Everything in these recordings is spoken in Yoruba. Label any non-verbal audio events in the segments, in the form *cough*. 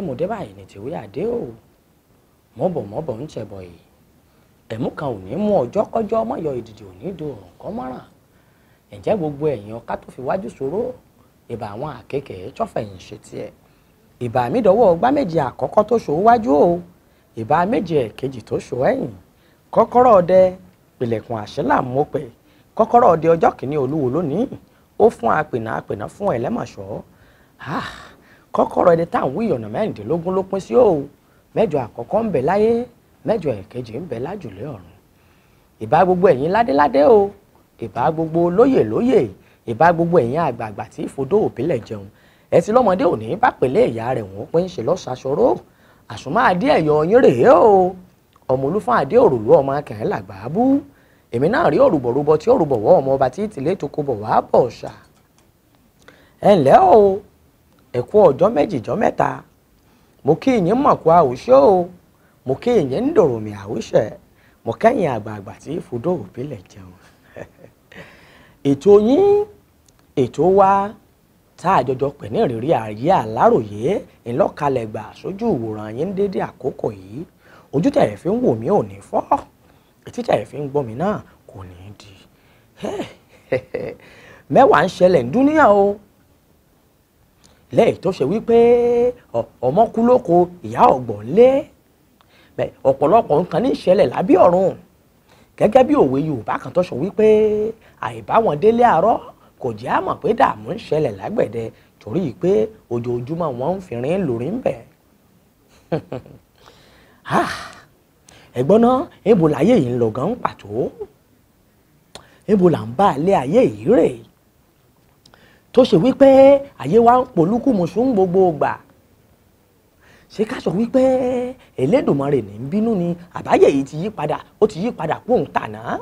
mòdémòdé báyìí ní tìwé àdé o mọ̀bọ̀mọ̀bọ̀ ń tẹ̀bọ̀ yìí ẹ̀mú kan ò ní mú ọjọ́ kọjọ́ mọ̀yọ ìdìdì ò ní do ọ̀rùn kan mọ́ràn ǹjẹ́ gbogbo ẹ̀yìn ọ̀ká tó fi wájú ṣòro ìbà àwọn àkekèé tọ́fẹ̀yìn ṣe tiẹ̀ ìbà mi dọ̀wọ́ ọgbá méje àkọ́kọ́ tó ṣòó wájú o ìbà méje kejì tó ṣòó ẹ̀yìn kọ́kọ́rọ́ ọdẹ pìlẹ̀kùn àṣẹlà mú pé kọ́kọ́rọ́ ọdẹ ọjọ́ kìíní olúwo lónìí ó fún apènà apènà fún ẹlẹ́mọ̀ṣọ́ ah kọ́kọ́rọ́ ẹni tá à ń wí ọ̀nà mẹ́rìndínlógún ló pín sí o mẹ́jọ àkọ́kọ́ ń bẹ láyé mẹ́jọ ẹ̀kejì ń bẹ lájùlé ọ̀run ìbá gbogbo ẹ̀yin ládéládé o ìbá gbogbo lóyè lóyè ìbá gbogbo ẹ̀yin àgbààgbà tí ìfodó òbílẹ̀ jẹun ẹtí lọ́mọdé òní bá pèlè ìyá rẹ̀ wọ́n pé ń ṣe lọ́sàṣọ́rò àsùnmọ́ adé ẹ̀yọ́ yín rèé o ẹ̀ ẹ kú ọjọ́ méjì jọ́ mẹ́ta mo kí yín mọ̀ kó àwòṣe o mo kí yín ń dòrò mi àwòṣe mo kẹ́yìn àgbààgbà tí fúdó òbílẹ̀ jẹun *laughs* ètò yín ètò wa tá a jọjọ pè ní ìrírí ayé Aláròyé ńlọ́kalẹ̀ gbà sójú ìwòran yín dédé àkókò yìí ojú tẹ̀rẹ̀ fi ń wò mí ò ní fọ́ etí tẹ̀rẹ̀ fi ń gbọ́ mi náà kò ní í di *laughs* mẹ́wàá ń ṣẹlẹ̀ ń dúníyà o lẹ́yìn tó ṣe wípé ọmọ kú lóko ìyá ọ̀gbọ̀n lé ọ̀pọ̀lọpọ̀ nǹkan ní ìṣẹ̀lẹ̀ lábẹ́ ọ̀run gẹ́gẹ́ bí òwe Yorùbá kan tó sọ wípé àìbáwọn délé àárọ̀ kò jẹ́ àmọ̀ pé dààmú ń ṣẹlẹ̀ lágbẹ̀dẹ torí pé ojoojúmọ́ wọn ń fìrín lórí ń bẹ̀. *laughs* Ah, ẹ̀gbọ́n náà ebo láyé yìí ń lọ gan pàtó ebo là ń bá ilé ayé yìí rèé tó ṣe wípé ayé wa ń polúkú mùsùn gbogbo gbà ṣé ká sọ wípé Elédùmarè ní ń bínú ni àbáyé yìí ti yí padà ó ti yí padà kó ń tàná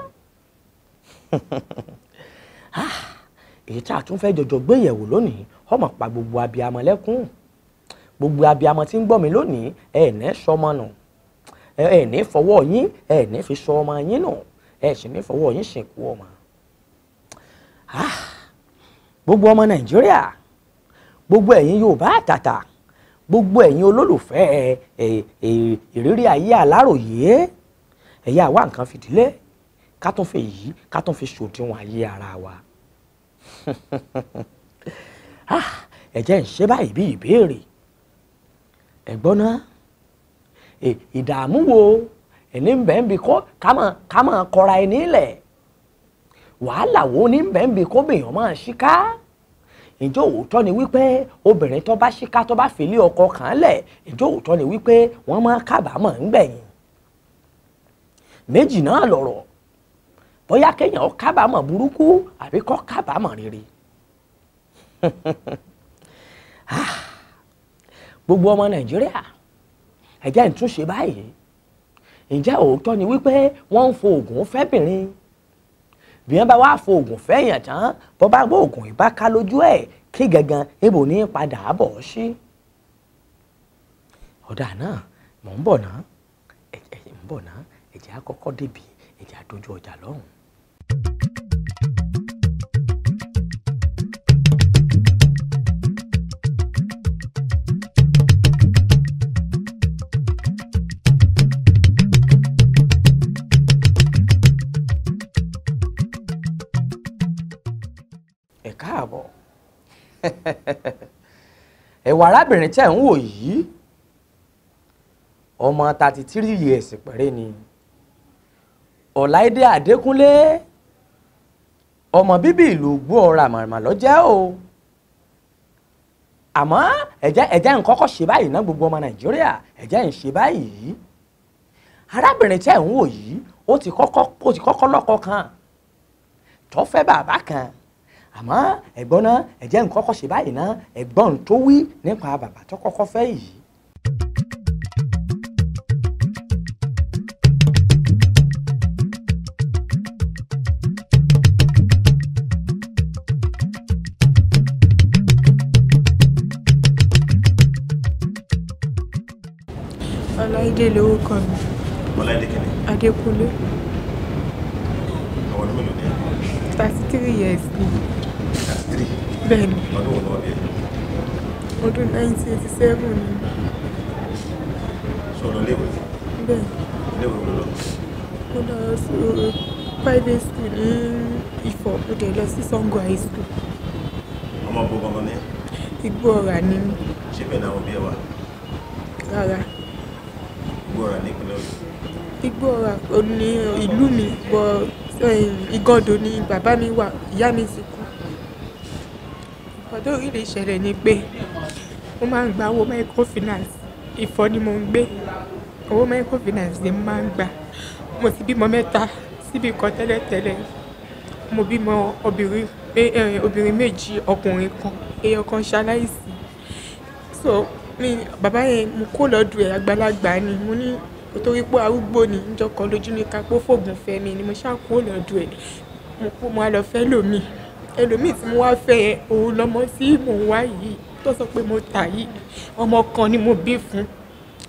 *laughs* ah, èyí tá a tún fẹ́ jọjọ gbé yẹ̀wò lónìí ọmọ pa gbogbo abiyamọ lẹ́kún gbogbo abiyamọ tí ń gbọ́ mi lónìí ẹ ní sọmọ nù ẹ ní fọwọ́ yín ẹ ní fi sọ ọmọ yín nù ẹ sì ní fọwọ́ yín sìnkú ọmọ. Ah gbogbo ọmọ nàìjíríà gbogbo ẹ̀yin yorùbá àtàtà gbogbo ẹ̀yin olólùfẹ́ ìrírí ayé aláròyé ẹ̀yà wá nǹkan fìdílé ká tún fi yìí ká tún fi ṣòdiwọ̀n ayé ara wa *laughs* ah, ẹ jẹ́ ń ṣe báyìí bí ìbéèrè ẹ̀gbọ́n náà ìdààmú wo ẹni ń bẹ̀ ń bi kọ́ ká máa kọ́ra ẹni lẹ̀ wàhálà wo ní bẹ́ẹ̀nbì kóbìyàn máa ṣíká ìjọ òótọ́ ni wípé obìnrin tó bá ṣíká tó bá fìlí ọkọ kàn án lẹ̀ ìjọ òótọ́ ni wípé wọ́n máa kábàámọ̀ ń gbẹ̀yìn méjì náà lọ̀rọ̀ bóyá kéèyàn kábàámọ̀ burúkú àbí kó kábàámọ̀ rere *laughs* ah, gbogbo ọmọ nàìjíríà ẹ̀jẹ̀ ń túnṣe báyìí ǹjẹ́ òótọ́ ni wípé wọ́n ń fo oògùn fẹ́bìnrin bí wọ́n bá wá fo oògùn fẹ́yàn tán bọ́ bá gbọ́ oògùn ìbá ká lójú ẹ̀ kí gangan ibo ní padà bọ̀ ọ́ sí. ọ̀dà náà mò ń bọ̀ ná ẹ̀jẹ̀ ń bọ̀ ná ẹ̀jẹ̀ á kọ́kọ́ débi ẹ̀jẹ̀ á dojú ọjà lọ́hùn-ún. ẹ̀wọ̀ arábìnrin tẹ̀ ń wò yìí ọmọ thirty three years péré ni ọ̀láìdé adékúnlé ọmọ bíbí ìlú gbóòrà màmá ló jẹ́ o àmọ́ ẹ̀jẹ̀ ẹ̀jẹ̀ ń kọ́kọ́ ṣe báyìí ná gbogbo ọmọ nàìjíríà ẹ̀jẹ̀ ń ṣe báyìí arábìnrin tẹ̀ ń wò yìí ó ti kọ́kọ́ lọ́kọ kan tó fẹ́ bàbá kan àmọ́ ẹ̀gbọ́n náà ẹ̀jẹ̀ nǹkan kọ́kọ́ ṣe báyìí náà ẹ̀gbọ́n tó wí nípa bàbá tó kọ́kọ́ fẹ́ yìí. Ọláídé lórúkọ mi. Ọláídé kẹ́ni. Adékúnlé. Àwọn ọdún mélòó ni Thirty three years three. bẹ́ẹ̀ni ọdún ọdún ọdún ọdún nineteen eighty seven ni. sọ̀rọ̀ léwe. bẹ́ẹ̀ni. léwe wo lọ. mo lọ sí private school ní Ifọ̀ mo dẹ̀ lọ sí Sango high school. ọmọ bó gangan ní. igbó ọ̀rà ni. ṣé bẹ́ẹ̀ náà wọ́n bí ẹ wà. rárá. igbó ọ̀rà ní ìpínlẹ̀ ìlú mi bọ̀ eh, Ìgàndò ni bàbá mi wà ìyá mi sì tó rí lè ṣẹlẹ̀ ni pé mo máa ń gba owó microfinance Ifọ̀ ni mo ń gbé owó microfinance ni mo máa ń gbà mo ti bímọ mẹ́ta síbi kan tẹ́lẹ̀tẹ́lẹ̀ mo bímọ obìnrin obìnrin méjì ọkùnrin kan èèyàn kan ṣaláìsí so mi bàbá yẹn mo kó lọ́dún ẹ̀ àgbàlagbà ni mo ní torí pé arúgbó ni níjọ́ kan lójú ní kápó fògùn fẹ́ mi ni mo ṣáà kó lọ́dún ẹ̀ mo kó mo á lọ fẹ́ lòmíì ẹlòmíì tí mo wá fẹ́ yẹn òun lọ́mọ tí mò ń wá yìí tó sọ pé mo tà yìí ọmọ kan ni mo bí fún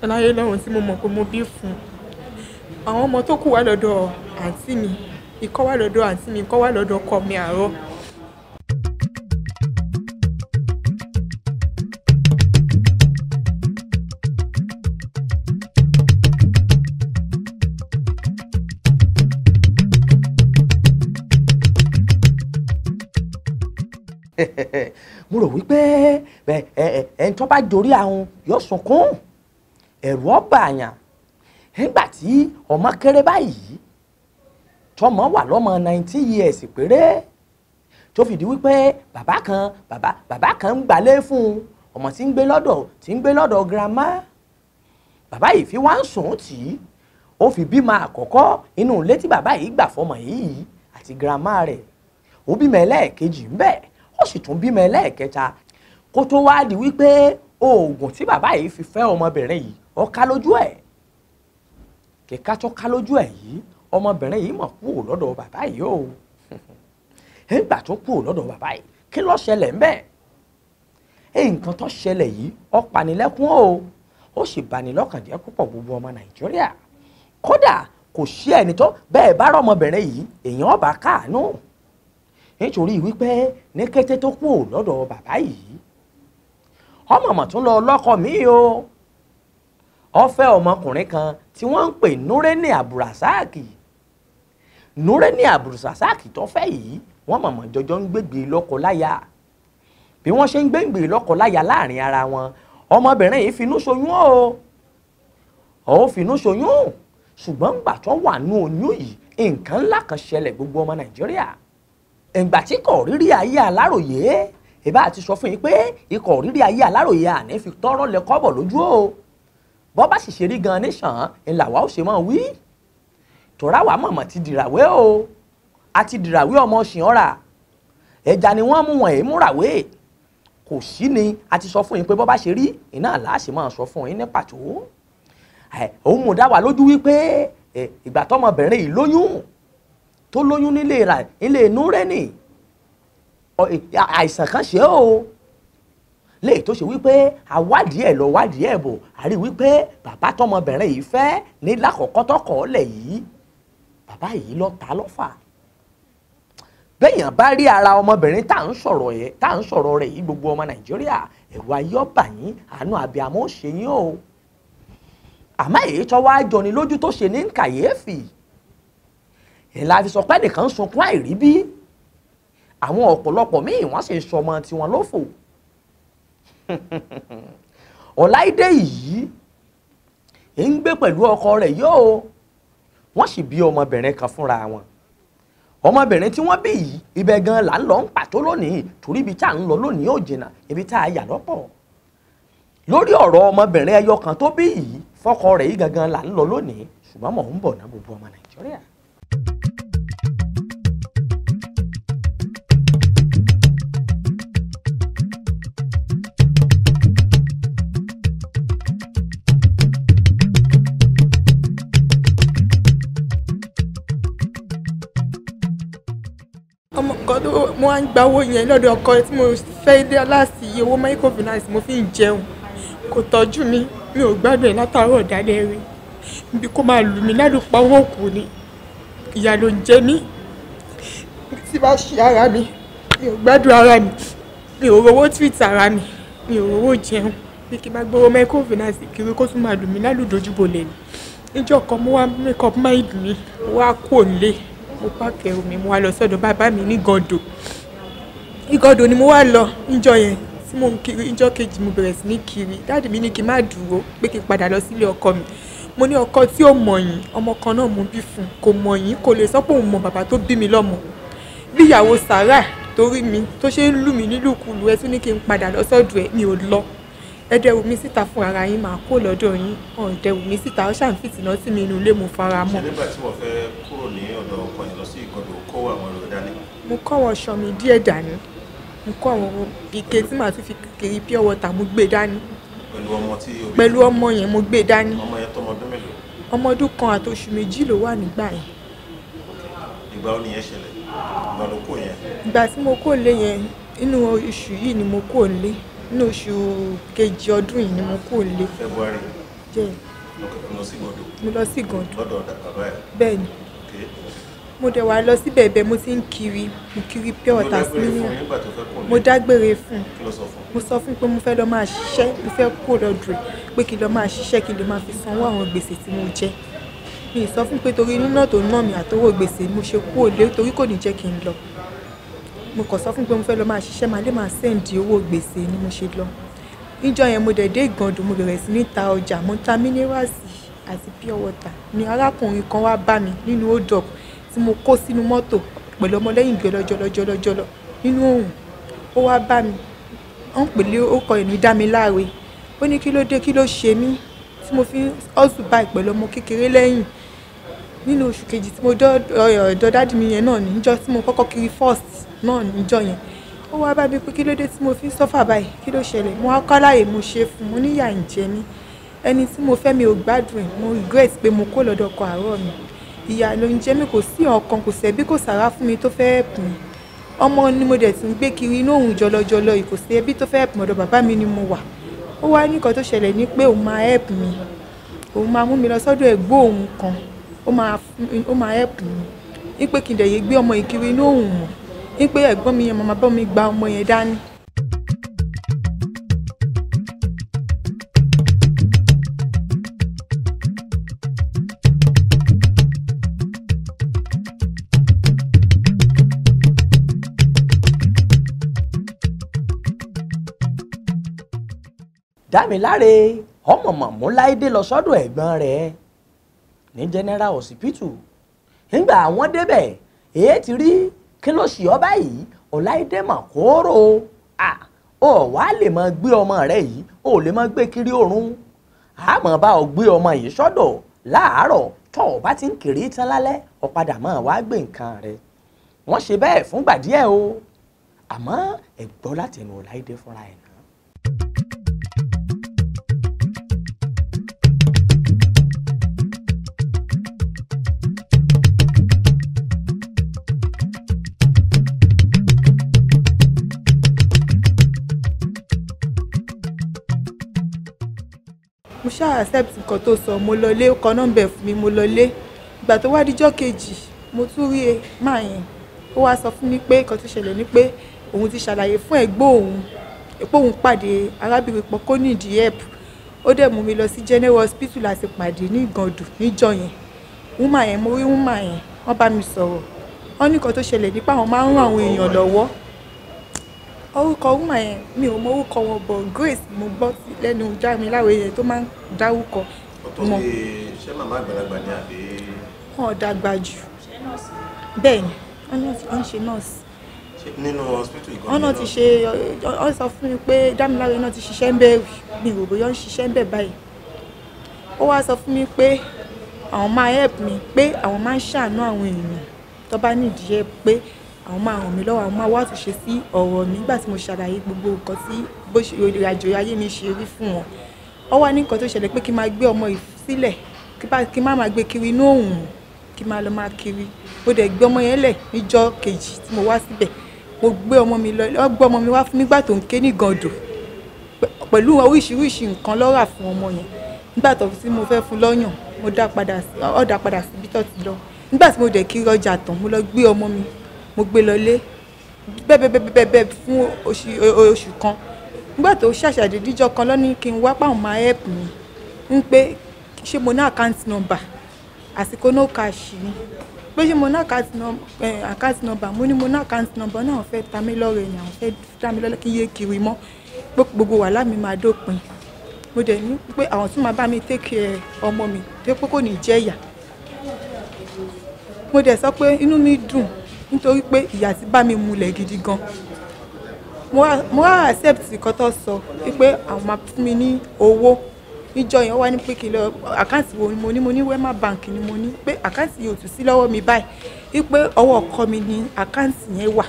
láyé lọ́run tí mo mọ̀ pé mo bí fún àwọn ọmọ tó kù wá lọ́dọ̀ àǹtí mi ìkọ́ wá lọ́dọ̀ àǹtí mi ìkọ́ wá lọ́dọ̀ ọkọ mi àárọ̀ *laughs* mo rò wípé ẹni tó bá dorí ahun yóò sunkún ẹ̀rù ọba àyàn nígbà tí ọmọ kéré báyìí tọmọ wà lọ́mọ nineteen years péré tó fìdí wípé bàbá kan bàbá bàbá kan ń gbalé fún un ọmọ tí ń gbé lọ́dọ̀ tí ń gbé lọ́dọ̀ girama bàbá yìí fi wá ń sùn tì í ó fi bímọ àkọ́kọ́ inú ilé tí bàbá yìí gbà fọmọ yìí àti girama rẹ̀ ó bímọ ẹlẹ́ẹ̀kejì ń bẹ́ẹ̀ ó sì tún bímọ ẹlẹ́ẹ̀kẹta kó tó wá di wípé oògùn tí bàbá yìí fi fẹ́ ọmọbìnrin yìí ó ká lójú ẹ̀ kíká tó ká lójú ẹ̀ yìí ọmọbìnrin yìí mọ̀ kúrò lọ́dọ̀ bàbá yìí o *laughs* nígbà tó kúrò lọ́dọ̀ bàbá yìí kí ló ṣẹlẹ̀ ń bẹ̀ nǹkan tó ṣẹlẹ̀ yìí ó panilẹ́kún o ó sì bani lọ́kàn jẹ́ púpọ̀ gbogbo ọmọ nàìjíríà kódà kò sí ẹni tó bẹ́ẹ̀ bá rọmọbìnrin yìí èèyàn ọba káàánú. No nítorí wípé ní kété tó kú lọ́dọ̀ bàbá yìí ọmọọmọ tún lọ lọ́kọ míì o ọfẹ́ ọmọkùnrin kan tí wọ́n ń pè Nureni Abdulrasaq Nureni Abdulrasaq tó fẹ́ yìí wọ́n mọ̀mọ́ jọjọ́ ń gbégbé lọ́kọ láya bí wọ́n ṣe ń gbégbé lọ́kọ láya láàrin ara wọn ọmọbìnrin yìí finú ṣoyún o òun finú ṣoyún ṣùgbọ́n ńgbà wà nú oyún yìí nǹkan ńlá kan ṣẹlẹ̀ gbogbo ọmọ Nàìjíríà ìgbà tí kò rírí ayé aláròyé ìbá àti sọ fún yín pé ikọ̀ rírí ayé aláròyé àní fi tọ́rọ́ lẹ kọ́bọ̀ lójú o bọ́ bá sì ṣe rí gan-an níṣàn ńláwá ó ṣe mọ́ wí tọ́ra wà mọ̀mọ́ ti dìràwé o a ti dìràwé ọmọ ṣìọ́ra ẹja ni wọ́n mú wọn èé múràwé kò sí ni a ti sọ fún yín pé bọ́ bá ṣe rí iná làásì máa sọ fún yín ní pàtó òun mú dá wa lójú wípé ìgbà tọmọbìnrin yìí lóyún tó lóyún nílé rà nílé inú rẹ̀ nì àìsàn kan ṣe o léyìí tó ṣe wípé àwádìí ẹ̀ lọ wádìí ẹ̀ bò àrí wípé bàbá tọmọbìnrin yìí fẹ́ ní lákọ̀ọ́kọ́ tọkọ̀ ọ́lẹ̀ yìí bàbá yìí lọ ta lọ́fà bẹ́yàn bá rí ara ọmọbìnrin tá à ń sọ̀rọ̀ yẹ tá à ń sọ̀rọ̀ rẹ̀ yìí gbogbo ọmọ nàìjíríà ẹ̀rù ayé ọ̀bà yín àánú àbíàmọ́ ò ṣe yín o àmọ́ èyí tó wá lójú tó ṣe ní kàyéfì ẹ̀ la fi sọ pé ẹnìkan ń sunkún àìrí bí àwọn ọ̀pọ̀lọpọ̀ míì wọ́n sì ń sọmọ tiwọn lófò *laughs* ọ̀láìdé yìí ń gbé pẹ̀lú ọkọ rẹ̀ yóò wọ́n sì bí ọmọbìnrin kan fúnra wọn ọmọbìnrin tí wọ́n bí yìí ibẹ̀ gan là ń lọ ń pàtó lónìí torí ibi tá à ń lọ lónìí ò jìnnà ibi tá a yà lọ́pọ̀ lórí ọ̀rọ̀ ọmọbìnrin ẹyọ kan tó bí yìí fọ́kọ rẹ̀ yìí gangan là ń lọ lónìí ṣùgbọ́n mò ń bọ̀ ná gbogbo ọmọ nàìjíríà. tó mo wá ń gba owó yẹn lọ́dọ̀ ọkọ tí mo fẹ́ dé láti iye owó microfinance mo fi ń jẹun kò tọ́jú mi mi ò gbádùn ẹ̀ látàárọ̀ dálẹ́ rí bí kò máa lù mí lálùpọ̀ owó kù ni ìyà ló ń jẹ mí tí bá ṣe ara mi mi ò gbádùn ara mi mi ò rówó tweet ara mi mi ò rówó jẹun bí kí n máa gbowó microfinance kiri kó tún máa lù mí lálùdójúbolẹ̀ ni níjọ́ kan mo wá make up mind mi wá kò lé mo pààkì ẹrù mi mo wá lọ sọ́dọ̀ bàbá mi ní gàndò ìgàndò ni mo wá lọ níjọ yẹn tí mò ń kiri níjọ kejì mo bẹ̀rẹ̀ sí ní kiri dáàdì mi ní kí n má dúró pé kí n padà lọ sílé ọkọ mi mo ní ọkọ tí ò mọ̀yìn ọmọ kan náà mo bí fún kò mọ̀yìn kò lè sọ pé òun mọ bàbá tó bí mi lọ́mọ bí ìyàwó Sàrà torí mi tó ṣe ń lù mí nílùkulù ẹ tún ní kí n padà lọ sọ́dọ̀ ẹ mi ò lọ ẹdẹ wù mí síta fún ara yín máa kó lọ́dọ̀ yín ọ̀n dẹ wù mí síta ó ṣàn fìtì náà sí mi inú ilé mo fara mọ́. ṣe nígbà tí wọ́n fẹ́ kúrò ní ọ̀dọ̀ ọkọ yẹn lọ sí ìkọdù kó àwọn èrò dání. mo kọ́ àwọn ọ̀ṣọ́ mi díẹ̀ dání mo kọ́ àwọn ike tí màá tún fi kiri pure water mo gbé dání. pẹ̀lú ọmọ tí o bí. pẹ̀lú ọmọ yẹn mo gbé dání. ọmọ yẹn tọmọ ọdún mélòó. ọmọ ọdún kan àtòṣù méjì ló wà nígbà yẹn. ìgbà ó nìyẹn ṣẹlẹ̀ ìgbà ló kó yẹn. ìgbà tí mo kó lé yẹn inú oṣù yìí ni mo kó lé ní oṣù kejì ọdún yìí ni mo kò lé. February jẹ́ mo lọ sí Ìgàndò. mo lọ sí Ìgàndò. lọ́dọ̀ bàbá ẹ̀. bẹ́ẹ̀ ni mo dẹ̀ wá lọ sí bẹ̀bẹ̀ mo ti ń kiri mo kiri pure water sílẹ̀ mo dágbére fún un mo sọ fún un pé mo fẹ́ lọ máa ṣiṣẹ́ mo fẹ́ kó lọ́dọ̀ pé kí n lọ máa ṣiṣẹ́ kí n lè máa fi sanwó àwọn gbèsè tí mo jẹ mi ì sọ fún un pé torí inú náà tó ná mi àtọwọ́ gbèsè mo ṣe kú òde torí kò ní jẹ́ kí n lọ mo kàn sọ fún pé mo fẹ́ lọ máa ṣiṣẹ́ máa lè máa sẹ́ǹdì owó gbèsè ni mo ṣe lọ níjọ yẹn mo dẹ̀ dé ìgàndùn mo bẹ̀rẹ̀ sí ní ta ọjà mo ta mínírààsì àti pure water ni arákùnrin kan wá bá mi nínú hold up tí mo kó sínú mọ́tò pẹ̀lú ọmọlẹ́yìn gbé lọ́jọ́lọ́jọ́lọ́jọ́lọ́ nínú òun ó wá bá mi ó ń pèlé orúkọ ẹ̀ ní dámiláre ó ní kí ló dé kí ló ṣe mí tí mo fi ọ́sù báyìí pẹ̀lú ọmọ kékeré lẹ́yìn nínú oṣù kejì tí mo dọ́dọ̀ dádì mi yẹn náà níjọ́ tí mo kọ́kọ́ kiri first náà níjọ́ yẹn ó wá bá mi pé kí ló dé tí mo fi ń sọ́fà báyìí kí ló ṣẹlẹ̀ mo wá kọ́ láàyè mo ṣe fún mo níyà ń jẹ mí ẹni tí mo fẹ́ mi ò gbádùn ẹ̀ mo regret pé mo kó lọ́dọ̀ ọkọ àárọ̀ mi ìyà ló ń jẹ mí kò sí ọ̀kan kò sẹ́bí kò sàrà fún mi tó fẹ́ ẹ̀pù ọmọ ni mo dẹ̀ ti ń gbé kiri inú òun jọlọjọlọ kò sí ẹbí tó fẹ́ ẹ̀pù ọ̀dọ̀ bàbá mi ni mo wà ó wá ní nǹkan tó ṣẹlẹ̀ ní pé òun máa ẹ̀pù mi òun máa mú mi lọ sọ́dọ̀ ẹ̀gbọ́n òun kan ó máa ẹ̀pù mi ní pé kí gbé ọmọ ìkiri inú òun mọ̀ wípé ẹ̀gbọ́n mi yẹn màmá bá mi gba ọmọ yẹn dání. dámiláre ọmọ mọ̀mú láìdé lọ sọ́dọ̀ ẹ̀gbọ́n rẹ̀ ní general hospital nígbà àwọn débẹ̀ èyí ti rí kí ló ṣì ọ́ báyìí ọ̀láìdé mà kóró ah o wá lè máa gbé ọmọ rẹ yìí ó lè máa gbé kiri òrun àmọ́ bá ọ gbé ọmọ yìí sọ́dọ̀ láàárọ̀ tó o bá ti ń kiri tán lálẹ́ ọ padà máa wá gbé nǹkan rẹ wọ́n ṣe bẹ́ẹ̀ fúngbà díẹ̀ o àmọ́ ẹ gbọ́ látẹnu ọ̀láìdé fúnra ẹ̀ ṣáà accept nǹkan tó sọ mo lọlé ó kọ nọ́mbà fún mi mo lọlé ìgbà tó wá díjọ́ kejì mo tún rí e máa yẹn ó wá sọ fún mi pé nǹkan tó ṣẹlẹ̀ ni pé òun ti ṣàlàyé fún ẹ̀gbọ́n òun pé òun pàdé arábìnrin pọ̀ kó nídìí help ó dẹ̀ mú mi lọ sí general hospital láti pàdé ní ìgàndù níjọ́ yẹn wúmà yẹn mo rí wúmà yẹn wọ́n bá mi sọ̀rọ̀ wọ́n ní nǹkan tó ṣẹlẹ̀ nípa àwọn máa ń ràn àwọn èèyàn lọ́wọ́ orúkọ wúmà yẹn mi ò mọ orúkọ wọn bọ̀ Grace mo gbọ́ lẹ́nu Jámiláwé yẹn tó máa ń dárúkọ. ọ̀tọ̀ ni ṣé màmá àgbàlagbà ni àbí. wọn ò dàgbà jù bẹ́ẹ̀ ni wọ́n ń ṣe nọ́ọ̀sì nínú hospital ìgbọ́n wọn náà ti ṣe ọ sọ fún mi pé Dámiláre náà ti ṣiṣẹ́ ń bẹ̀ mi ò bóyá ń ṣiṣẹ́ ń bẹ̀ báyìí ó wá sọ fún mi pé àwọn máa help mi pé àwọn máa ń ṣàánú àwọn èèyàn tó bá nídìí help pé àwọn máa ràn mí lọ́wọ́ àwọn máa wá àtúnṣe sí ọ̀rọ̀ mi nígbà tí mo ṣàlàyé gbogbo nǹkan tí bó ṣe ìrìn àjò ayé mi ṣe rí fún wọn ó wá ní nǹkan tó ṣẹlẹ̀ pé kí n máa gbé ọmọ sílẹ̀ kí n má máa gbé kiri inú òòrùn kí n máa lọ máa kiri mo dẹ̀ gbé ọmọ yẹn lẹ̀ níjọ́ kejì tí mo wá síbẹ̀ mo gbé ọmọ mi lọ ọ gbé ọmọ mi wá fún nígbà tó ń ké ní gàndò pẹ̀lú oríṣiríṣi nǹkan lọ́rà fún ọmọ yẹn nígbà tó tí mo fẹ́ fún lọ́yàn mo dá padà síbi tó ti lọ nígbà tí mo dẹ̀ kiri ọjà tán mo lọ gbé ọmọ mi mo gbé lọlé bẹ́ẹ̀bẹ́ẹ̀bẹ́ẹ̀ fún oṣù kan nígbà tó ṣàṣàdé díjọ kan lọ́ní kí n wá páwọn máa help mi ń pé ṣé mo ní account number àsìkò no cash ni pé ṣé mo ní account eh, number mo ní mo ní account number náà fẹ́ ta mí lọ́rẹ̀ ni àwọn fẹ́ ta mí lọ́rẹ̀ kí yé kiri mọ́ gbogbo wàhálà mi máa dópin mo dẹ̀ ní pé àwọn tún máa bá mi take care ọmọ mi pé kò ní jẹ́ ìyà mo dẹ̀ sọ pé inú mi dùn nítorí pé ìyà ti bá mi mulẹ̀ gidi gan mo wá accept nǹkan tó sọ wípé àwọn máa fún mi ní owó níjọ yẹn wá ní pé kí n lọ àkáǹtì wo ni mo ní mo ní wema bank ni mo ní pé àkáǹtì yìí ò tún sí lọ́wọ́ mi báyìí wípé ọwọ́ ọkọ mi ni àkáǹtì yẹn wà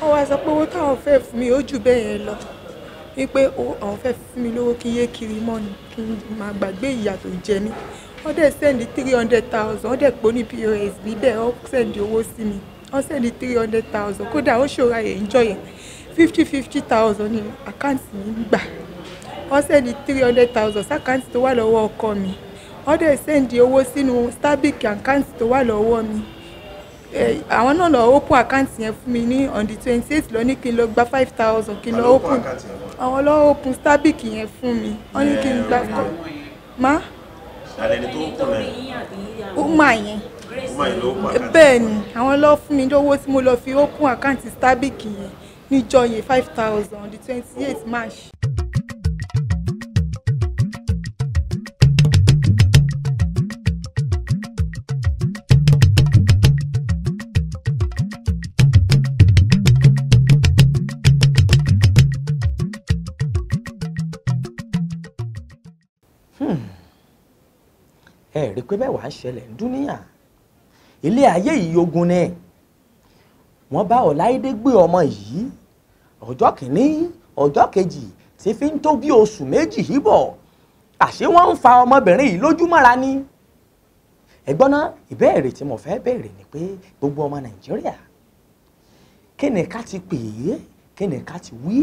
wọ́n wá sọ pé owó táwọn fẹ́ fún mi ó jù bẹ́ẹ̀ yẹn lọ wípé àwọn fẹ́ fún mi lówó kí n yé kiri mọ́ ni kí n máa gbàgbé ìyà tó jẹ mí wọ́n dẹ̀ sẹ́ndì three hundred thousand wọ́n dẹ̀ pò ní pos níbẹ̀ wọ́n sẹ́ndì owó sí mi wọ́n sẹ́ndì three hundred thousand kódà ó ṣòro àyè ìjọ yẹn fifty fifty thousand ni àkáǹtì mi ń gbà wọ́n sẹ́ndì three hundred thousand sákáǹtì tó wà lọ́wọ́ ọkọ mi wọ́n dẹ̀ sẹ́ndì owó sínú starbic àkáǹtì tó wà lọ́wọ́ mi àwọn náà lọ open account yẹn fún mi ní on the twenty eight lọ ní kí n lọ gba five thousand kí n lọ open àwọn lọ open starbic yẹn fún mi wọ́n ní kí n gba ma alẹ́ni tó ń kùnà ẹ̀. ó mà yẹn bẹ́ẹ̀ ni àwọn lọ fún mi lówó tí mo lọ fi open account Starbic yẹn níjọ́ yẹn five thousand on the twenty eight March. Hmm ẹ rí i pé bẹ́ẹ̀ wà ń ṣẹlẹ̀ ń dúníyà ilé ayé yìí ogun ni wọ́n bá ọ̀láìdé gbé ọmọ yìí ọjọ́ kìíní ọjọ́ kejì tí fi ń tó bí oṣù méjì yìí bọ̀ àṣé wọ́n ń fa ọmọbìnrin yìí lójúmọ́ra ni ẹ̀gbọ́n náà ìbéèrè tí mo fẹ́ béèrè ni pé gbogbo ọmọ nàìjíríà kí ni ká ti pè é kí ni ká ti wí.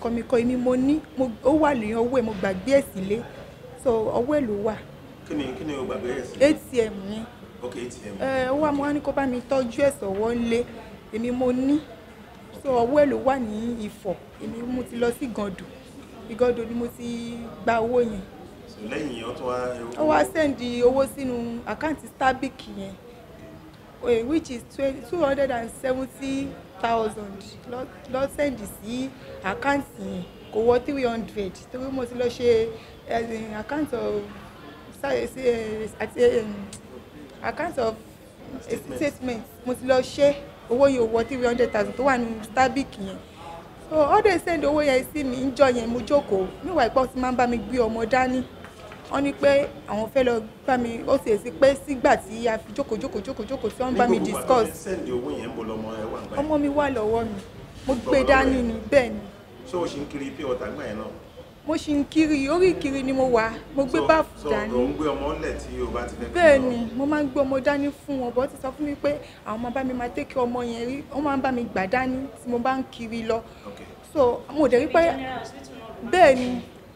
kankan mi kọ èmi mo ní ó wà lóyún ọwọ́ ẹ̀ mo gbàgbé ẹ̀ sílé so ọwọ́ ẹ̀ ló wà. kí ni kí ni o gbàgbé ẹ̀ sílé. atm ni. ok atm. ẹ ó wà mo wá ní kó bá mi tọ́jú ẹ̀ sọ̀wọ́ lé èmi mo ní so ọwọ́ ẹ̀ ló wà ní ìfọ̀ èmi mo ti lọ sí gàndù ìgàndù ni mo ti gba owó yẹn. lẹ́yìn yẹn ó tún wá. ó wá sẹ́ndì owó sínú àkáǹtì stabic yẹn eh, which is two hundred and seventy thousand lọ sẹ́ndì sí àkáǹtì yẹn kò wọ three hundred torí mo ti lọ ṣe àkáǹtì eh, àkáǹtì of eh, eh, statement mo ti lọ ṣe owó yẹn ò wọ three hundred thousand tó wà ní stabic yẹn so all day send owó yẹn sí mi ń jọ yẹn mo jókòó níwà ìpọ́n ti máa ń bá mi gbé ọmọ dání wọ́n ní pé àwọn fẹ́ lọ bá mi ó sì èsì pé sígbà tí a fi jókòó jókòó jókòó jókòó tí wọ́n bá mi discuss. ọmọ mi wà lọ́wọ́ mi mo gbé dání ni bẹ́ẹ̀ ni. ṣé o ṣì ń kiri pé ọ̀tá gbà yẹn náà. mo ṣì ń kiri orí ìkiri ni mo wà mo gbé báàfù dání. so o ń gbé ọmọ lẹ̀ tí o bá ti fẹ́ kí n lọ. bẹ́ẹ̀ ni mo máa ń gbé ọmọ dání fún wọn bọ́ ti sọ fún mi pé àwọn máa bá mi máa tẹ́kẹ́ ọmọ yẹn rí wọ́n máa ń bá mi gbà dání tí mo bá ń kiri lọ. so mo dẹ̀ rí pé bẹ́ẹ̀ ni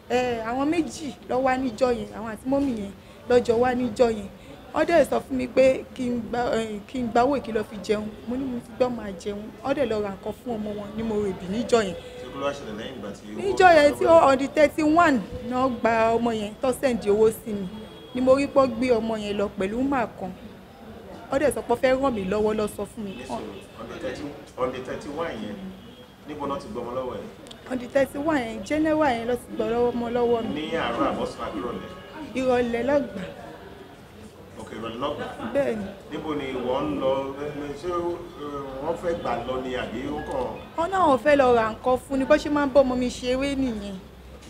àwọn méjì lọ wá níjọ yẹn àwọn àti mọ́mì yẹn lọ́jọ́ wá níjọ yẹn wọ́n dẹ̀ sọ fún mi pé kí n gbáwó kí n lọ fi jẹun mo ní mo ti gbọ́ máa jẹun wọ́n dẹ̀ lọ ra nǹkan fún ọmọ wọn ní mo rèbì níjọ yẹn níjọ yẹn tí on the thirty one náà gba ọmọ yẹn tó sẹ̀ǹdì owó sí mi ni mo rí pọ́ gbé ọmọ yẹn lọ pẹ̀lú máa kan wọ́n dẹ̀ sọ pé fẹ́ ràn mí lọ́wọ́ lọ sọ fún mi. on the thirty one yẹn níbo náà ti gbọmọ lọ́wọ́ yẹn on the thirty one yẹn jẹ́nẹ́wà yẹn ló ti gbọ́ lọ́wọ́ mọ́ lọ́wọ́ mi. ní àárọ̀ àbọ̀sán àbírọ̀lẹ̀. ìrọ̀lẹ́ lọ́gbà. òkè ìrọ̀lẹ́ lọ́gbà. bẹ́ẹ̀ni. níbo ni ìwọ ń lọ ṣé wọ́n fẹ́ gbà lọ ni àbí ó kàn. wọn náà wọn fẹ́ lọ ra nǹkan fún ni bó ṣe máa ń bọ́ ọmọ mi ṣeré nìyẹn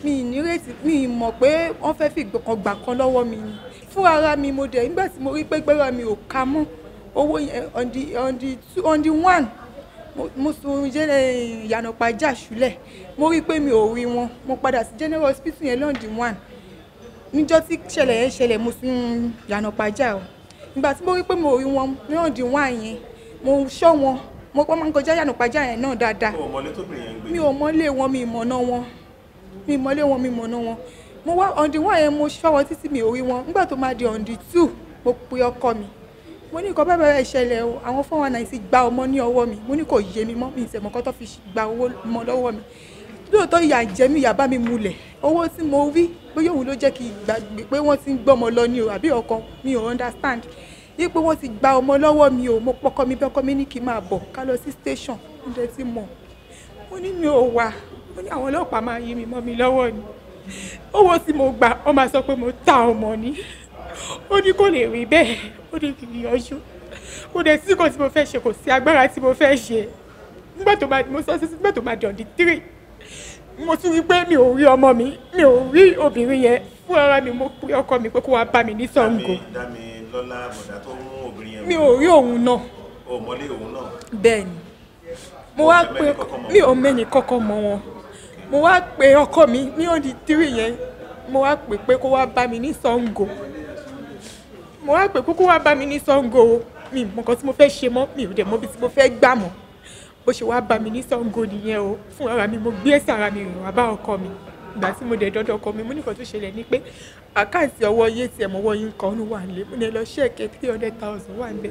mi nírètí mi mọ̀ pé wọ́n fẹ́ fi ìgbọ̀kan gbà kan lọ́wọ́ mi ni fún ara mi mo dẹ̀ nígbà tí mo rí pé gbẹ́ra mi ò ka mọ́ owó yẹn on the on the two on the one mo sun eh, ìyànà pàjá ṣúlẹ̀ mo rí i pé mi ò rí wọn mo padà sí general hospital yẹn london one níjọ́ tí ṣẹlẹ̀ yẹn ṣẹlẹ̀ mo sì ń yànnà pàjá o ìgbà tí mo rí i pé mo rí wọn london one yẹn mo ṣọ́ wọn mo pọ́n máa ń kọjá yànnà pàjá yẹn náà dáadáa mi ò mọ́lé wọn mi ìmọ̀nà wọn mi ìmọ̀lé wọn mi ìmọ̀nà wọn mo wá ọ̀ndì one yẹn mo ṣọ́ wọn títí mi ò rí wọn nígbà tó máa di ọ̀ndì two mo pe ọkọ mi mo ní nǹkan bẹ́ẹ̀ bẹ́ẹ̀ ṣẹlẹ̀ o àwọn four one nine gba ọmọ ní ọwọ́ mi mo ní kò yé mi mọ́ mi ìṣẹ̀mọ̀kọ́ tó fi gba owó mọ́ lọ́wọ́ mi lóòótọ́ ìyà jẹ mí ìyà bá mi mulẹ̀ owó tí mo rí bóyá òun ló jẹ́ kí n gbàgbé pé wọ́n ti ń gbọ́mọ lọ ni o àbí ọkàn mi ò understand yí pé wọ́n ti gba ọmọ lọ́wọ́ mi o mo pọkọ mi bẹ́ẹ̀ ọkọ mi ní kí n máa bọ̀ ká lọ sí station oúnjẹ tí mọ̀ ó ní mi ò wá ó ní àwọn ọlọ́pàá máa yí mi mọ́ mi lọ́wọ́ ni owó tí mo gbà ọ máa sọ pé mo ta ọmọ ni ó ní kò lè rí bẹ́ẹ̀ ó ní kì í yọjú kò dẹ̀ sí kò tí mo fẹ́ ṣe kò sí agbára tí mo fẹ́ ṣe nígbà tó máa di mo sọ sí nígbà tó máa dàn di three mo tún wí pé mi ò rí ọmọ mi mi ò rí obìnrin yẹn fún ara mi mo pe ọkọ mi pé kó wá bá mi ní Ṣàngó. dami lọ́lá bọ̀dá tó mú obìnrin yẹn. mi ò rí òun náà. o mọ̀lé òun náà. bẹ́ẹ̀ ni mo wá pe mi ò mẹ́ni kọ́kọ́ mọ wọn mo wá pe ọkọ mi ní òdì tírì yẹn mo wá pè pé kó wá bá mi ní Ṣàngó mo wá pè pé kó wá bá mi ní Ṣàngó mi mọ̀kàn tí mo fẹ́ ṣe mọ́ mi ò dẹ̀ mọ́ bí tí mo fẹ́ gbà mọ́ bó ṣe wá bá mi ní Ṣàngó nìyẹn o fún ara mi mo gbé ẹsẹ̀ ara mi rìn wá bá ọkọ mi ìgbà tí mo dẹ̀ dọ́dọ̀ ọkọ mi mo nìkan tó ṣẹlẹ̀ ni pé àkáǹtì ọwọ́ yé tiẹ̀ mọ́wọ́ yín kan ọdún wà nílé mo ní lọ ṣẹ́ẹ̀kì three hundred thousand wà nílé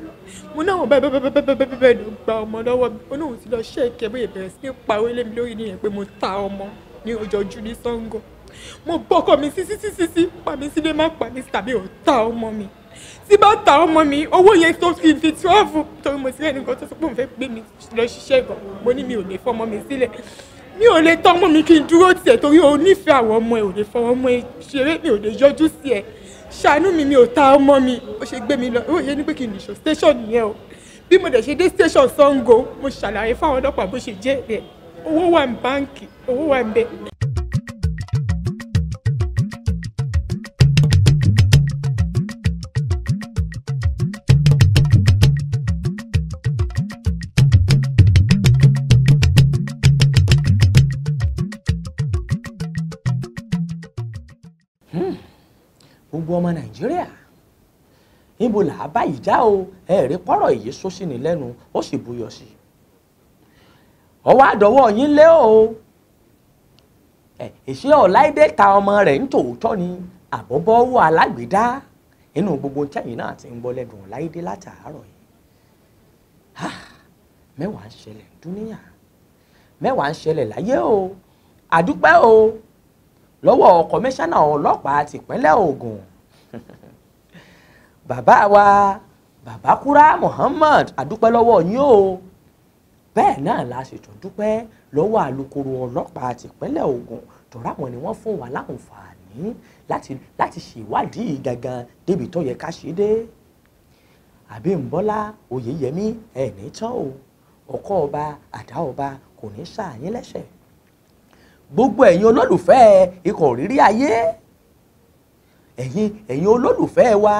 mo náà wọ́n bẹ́ẹ̀ bẹ́ẹ̀ bẹ́ẹ̀ bẹ́ẹ̀ bẹ́ẹ̀ ló gba ọmọ lọ́wọ́ mo náà ti lọ ṣẹ́ẹ̀kì bóyá bẹ̀rẹ̀ sí ní pariwo lé mi lórí nìyẹn pé mo ta ọmọ ní ojoojú ní Ṣàngó mo bọ́kọ mi sí sí sí sí pa mi sílé má pa mi tàbí ò ta ọmọ mi tí bá ta ọmọ mi owó yẹn tó fi di twelve torí mo sílẹ̀ nìkan tó sọ pé mo fẹ́ gbé mi lọ ṣiṣẹ́ gan mo ní mi ò lè fọmọ mi sílẹ̀ mi ò lè tọ́mọ mi kí n dúró tiẹ̀ torí o nífẹ̀ẹ́ àwọn ọmọ ẹ ò lè fọwọ́ ọmọ ẹ ṣeré mi ò lè yọjú sí ẹ ṣàánú mi mi ò ta ọmọ mi ó ṣe gbé mi lọ ó yẹ ní pé kí n nìṣó station nìyẹn o bí mo dẹ̀ ṣe dé station Sango mo ṣàlàyé fáwọn ọlọ́pàá bó ṣe jẹ́ ẹ̀ owó wà ní báǹkì owó wà ní bẹ́ẹ̀. gbogbo ọmọ nàìjíríà níbo là á bá ìjà o ẹ̀rí pọ́rọ̀ èyí sọ sí ni lẹ́nu ó sì buyọ̀ sí i ọwọ́ àdọ́wọ́ yín lé o èsì ọ̀láìdé ta ọmọ rẹ̀ ń tòótọ́ ni àbọ̀bọ́wọ́ alágbèédá inú gbogbo tẹ́yìn náà ti ń gbọ́ lẹ́dùn ọ̀láìdé látàárọ̀ yìí mẹ́wàá ń ṣẹlẹ̀ dúníyà mẹ́wàá ń ṣẹlẹ̀ láyé o àdúpẹ́ o lọ́wọ́ kọmíṣánná ọlọ́pàá tìpínlẹ̀ Ògùn *laughs* bàbá wa bàbá kúrá Muhammad àdúpẹ́ lọ́wọ́ yín o bẹ́ẹ̀ náà la sì tún dúpẹ́ lọ́wọ́ alukoro ọlọ́pàá tìpínlẹ̀ Ògùn tọ́ra wọn ni wọ́n fún wa láǹfààní láti láti ṣèwádìí gangan débi tó yẹ ká ṣe dé àbímbọ́lá oyèyẹmí ẹ̀ẹ́nì tán o ọkọ ọba àdá ọba kò ní sáà yín lẹ́sẹ̀ gbogbo ẹ̀yin olólùfẹ́ ikọ̀ rírí ayé ẹ̀yin ẹ̀yin olólùfẹ́ wa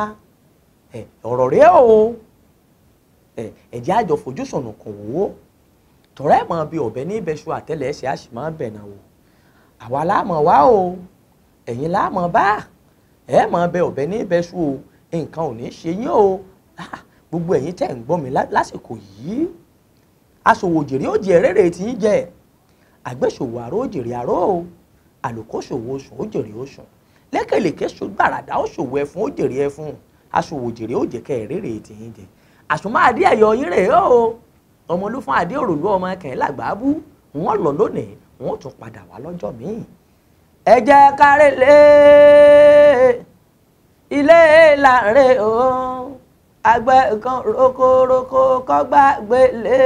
ọ̀rọ̀ rẹ o ẹ̀jẹ̀ àjọ fojú sọ̀nà kàn wò ó tọ̀rọ̀ ẹ̀ máa bi ọ̀bẹ ní ibẹ̀ṣu àtẹ́lẹ̀ ẹ̀ṣẹ̀ á sì máa bẹ̀ náà wò àwa láàmọ̀ wá o ẹ̀yin láàmọ̀ bá ẹ̀ máa bẹ ọ̀bẹ ní ibẹ̀ṣu o nǹkan ò ní ṣe yín o ah, gbogbo ẹ̀yin tẹ̀ ń gbọ́ mi lásìkò yìí aṣòwò òjèrè ó jẹ rere tí ń jẹ àgbẹ̀ṣòwò àrò òjèrè àrò àlòkóṣòwò oṣù òjèrè oṣù lẹ́kẹ̀lẹ̀kẹ̀ ṣùgbàràdà ó ṣòwò ẹfun ó jèrè ẹfun aṣòwò jèrè ó jẹ́ kẹ́ ẹ̀ rèrè tì í jẹ àṣùmáàdé yín rèé o ọmọ ló fún adé òròlú ọmọ kẹ̀ lágbàábú wọ́n lọ lónìí wọ́n tún padà wá lọ́jọ́ míì ẹ jẹ́ kárẹ́ lé ilé láre o àgbẹ̀ kan rokoroko kọ́gbà gbélé.